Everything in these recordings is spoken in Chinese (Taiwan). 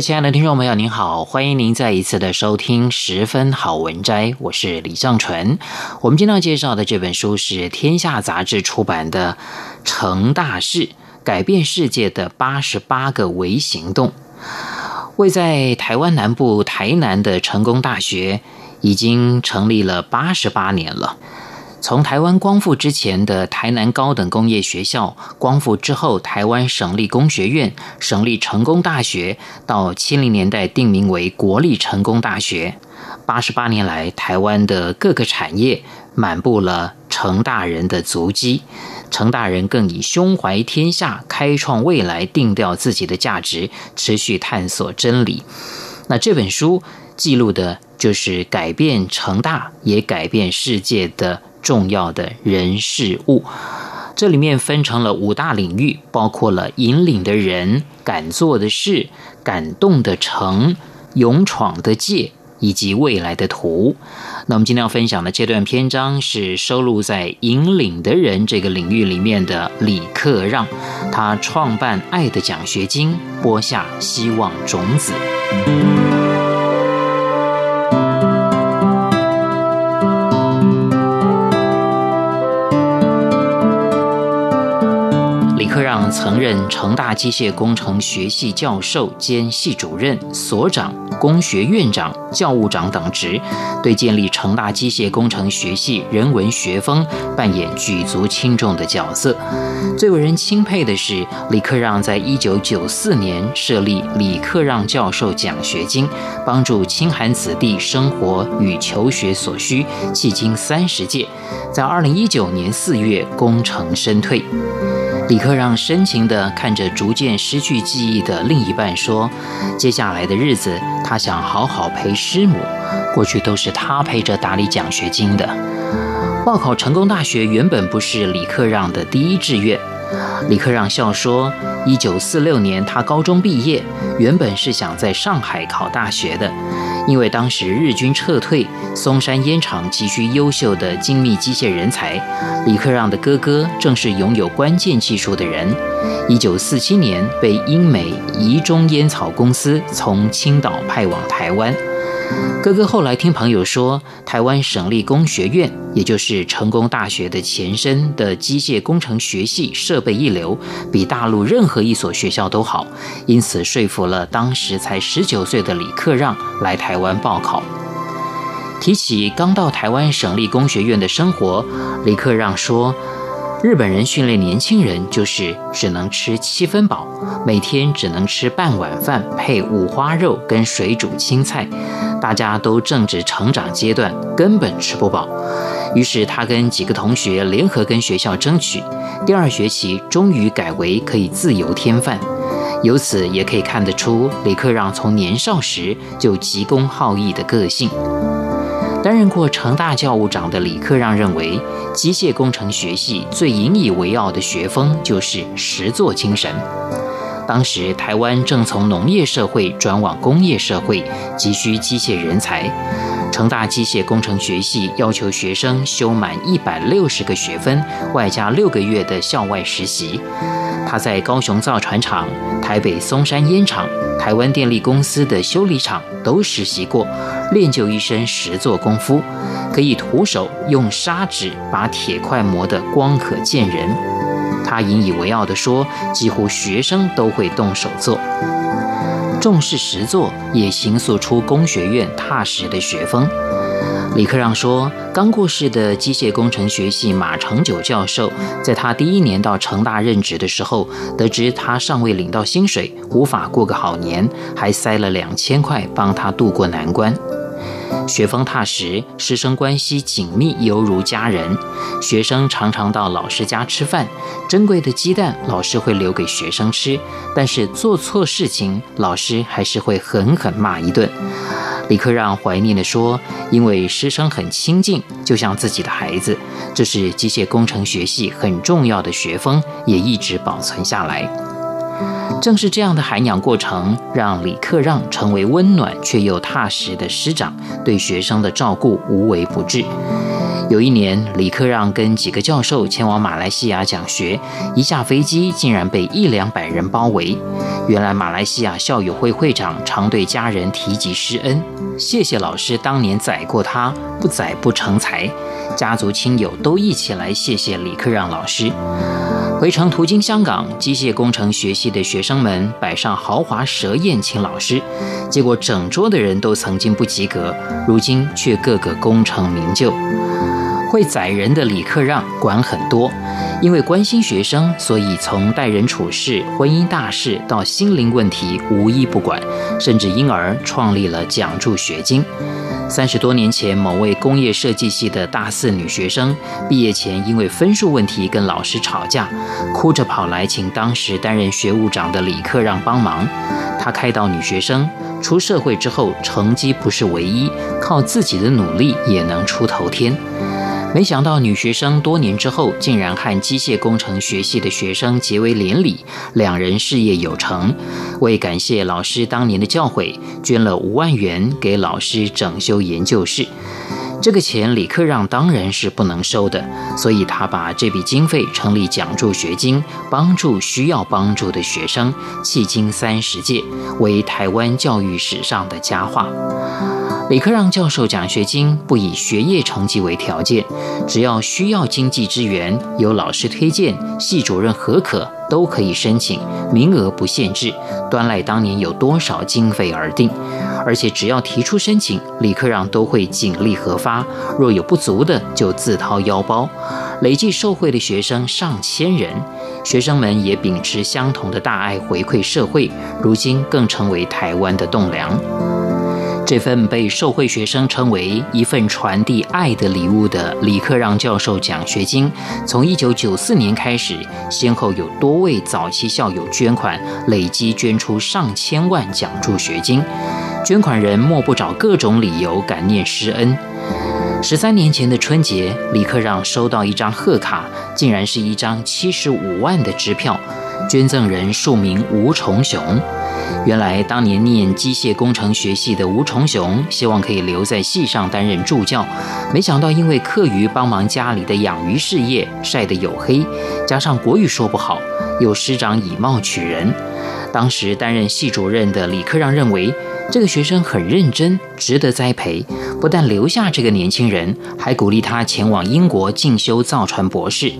親愛的聽眾朋友，您好，歡迎您再一次的收聽十分好文摘，我是李尚純。我們今天要介紹的這本書是天下雜誌出版的《成大事，改變世界的八十八個微行動》，位在台灣南部台南的成功大學已經成立了八十八年了。從台灣光復之前的台南高等工業學校，光復之後台灣省立工學院、省立成功大學，到七零年代定名為國立成功大學，八十八年來，台灣的各個產業滿佈了成大人的足跡。成大人更以胸懷天下、開創未來定調自己的價值，持續探索真理。那這本書記錄的。就是改變成大，也改變世界的重要的人事物。這裡面分成了五大領域，包括了引領的人、敢做的事、感動的城、勇闖的界以及未來的圖。那我們今天要分享的這段篇章是收錄在引領的人這個領域裡面的李克讓，他創辦愛的獎學金，播下希望種子。李克讓曾任成大機械工程學系教授兼系主任、所長、工學院長、教務長等職，對建立成大機械工程學系人文學風扮演舉足輕重的角色。最為人欽佩的是，李克讓在一九九四年設立李克讓教授獎學金，幫助清寒子弟生活與求學所需，迄今三十屆。在二零一九年四月功成身退。李克讓深情地看着逐漸失去記憶的另一半說：“接下來的日子，他想好好陪師母。過去都是他陪着打理獎學金的。報考成功大學原本不是李克讓的第一志願。”李克讓笑說：“一九四六年，他高中畢業，原本是想在上海考大學的，因為當時日軍撤退，松山菸廠急需優秀的精密機械人才。李克讓的哥哥正是擁有關鍵技術的人。一九四七年，被英美怡中菸草公司從青島派往台灣。”哥哥後來聽朋友說，台灣省立工學院，也就是成功大學的前身的機械工程學系設備一流，比大陸任何一所學校都好，因此說服了當時才十九歲的李克讓來臺灣報考。提起剛到臺灣省立工學院的生活，李克讓說：“日本人訓練年輕人就是只能吃七分飽，每天只能吃半碗飯，配五花肉跟水煮青菜。”大家都正值成長階段，根本吃不飽，於是他跟幾個同學聯合跟學校爭取，第二學期終於改為可以自由添飯，由此也可以看得出李克讓從年少時就急公好義的個性。擔任過成大教務長的李克讓認為，機械工程學系最引以為傲的學風就是實作精神。當時台灣正從農業社會轉往工業社會，急需機械人才。成大機械工程學系要求學生修滿一百六十個學分，外加六個月的校外實習。他在高雄造船廠、台北松山菸廠、台灣電力公司的修理廠都實習過，練就一身實作功夫，可以徒手用砂紙把鐵塊磨得光可見人。他引以為傲地說：“幾乎學生都會動手做，重視實作，也形塑出工學院踏實的學風。”李克讓說：“剛過世的機械工程學系馬成九教授，在他第一年到成大任職的時候，得知他尚未領到薪水，無法過個好年，還塞了兩千塊幫他渡過難關。”學風踏實，師生關係緊密，猶如家人。學生常常到老師家吃飯，珍貴的雞蛋老師會留給學生吃。但是做錯事情，老師還是會狠狠罵一頓。李克讓懷念地說：“因為師生很親近，就像自己的孩子。”這是機械工程學系很重要的學風，也一直保存下來。正是這樣的涵養過程，讓李克讓成為溫暖卻又踏實的師長，對學生的照顧無微不至。有一年，李克讓跟幾個教授前往馬來西亞講學，一下飛機竟然被一兩百人包圍。原來馬來西亞校友會會長常對家人提及師恩，謝謝老師當年宰過他，不宰不成才。家族親友都一起來謝謝李克讓老師。回程途經香港，機械工程學系的學生們擺上豪華蛇宴請老師，結果整桌的人都曾經不及格，如今卻個個功成名就。會宰人的李克讓管很多，因為關心學生，所以從待人處事、婚姻大事到心靈問題，無一不管，甚至因而創立了獎助學金。三十多年前，某位工業設計系的大四女學生畢業前，因為分數問題跟老師吵架，哭着跑來請當時擔任學務長的李克讓幫忙。他開導女學生，出社會之後，成績不是唯一，靠自己的努力也能出頭天。沒想到女學生多年之後竟然和機械工程學系的學生結為連理，兩人事業有成。為感謝老師當年的教誨，捐了五萬元給老師整修研究室。這個錢李克讓當然是不能收的，所以他把這筆經費成立獎助學金，幫助需要幫助的學生，迄今三十屆，為台灣教育史上的佳話。李克讓教授獎學金不以學業成績為條件，只要需要經濟支援，有老師推薦，系主任核可，都可以申請，名額不限制，端賴當年有多少經費而定。而且只要提出申請，李克讓都會盡力核發，若有不足的就自掏腰包。累計受惠的學生上千人，學生們也秉持相同的大愛回饋社會，如今更成為台灣的棟梁。這份被受惠學生稱為一份傳遞愛的禮物的李克讓教授獎學金，從1994年開始，先後有多位早期校友捐款，累計捐出上千萬獎助學金。捐款人莫不找各種理由感念師恩。十三年前的春節，李克讓收到一張賀卡，竟然是一張七十五萬的支票。捐贈人署名吳重雄。原來當年念機械工程學系的吳重雄，希望可以留在系上擔任助教，沒想到因為課餘幫忙家裡的養魚事業曬得黝黑，加上國語說不好，有師長以貌取人。當時擔任系主任的李克讓認為。這個學生很認真，值得栽培。不但留下這個年輕人，還鼓勵他前往英國進修造船博士。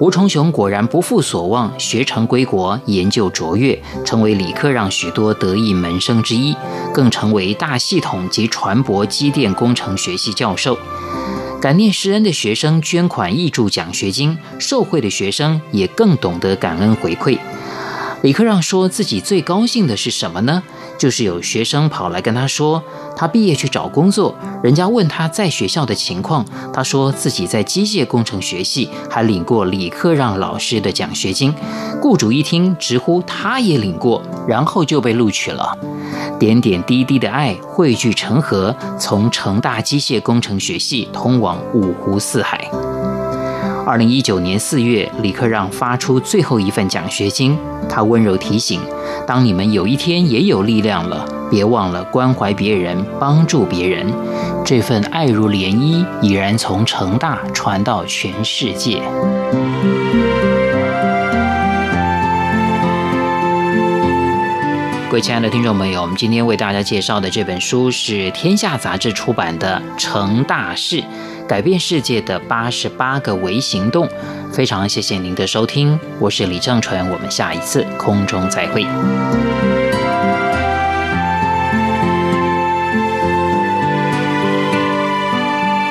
吳重雄果然不負所望，學成歸國，研究卓越，成為李克讓許多得意門生之一，更成為大系統及船舶機電工程學系教授。感念師恩的學生捐款義助獎學金，受惠的學生也更懂得感恩回饋。李克讓說自己最高興的是什麼呢？就是有學生跑來跟他說，他畢業去找工作，人家問他在學校的情況，他說自己在機械工程學系，還領過李克讓老師的獎學金。雇主一聽，直呼他也領過，然後就被錄取了。點點滴滴的愛匯聚成河，從成大機械工程學系通往五湖四海。二零一九年四月，李克讓發出最後一份獎學金。他溫柔提醒：“當你們有一天也有力量了，別忘了關懷別人，幫助別人。這份愛如漣漪，已然從成大傳到全世界。”嗯，各位親愛的聽眾朋友，我們今天為大家介紹的這本書是《天下雜誌》出版的《成大事》。改變世界的八十八個微行動，非常謝謝您的收聽，我是李正淳，我們下一次空中再會。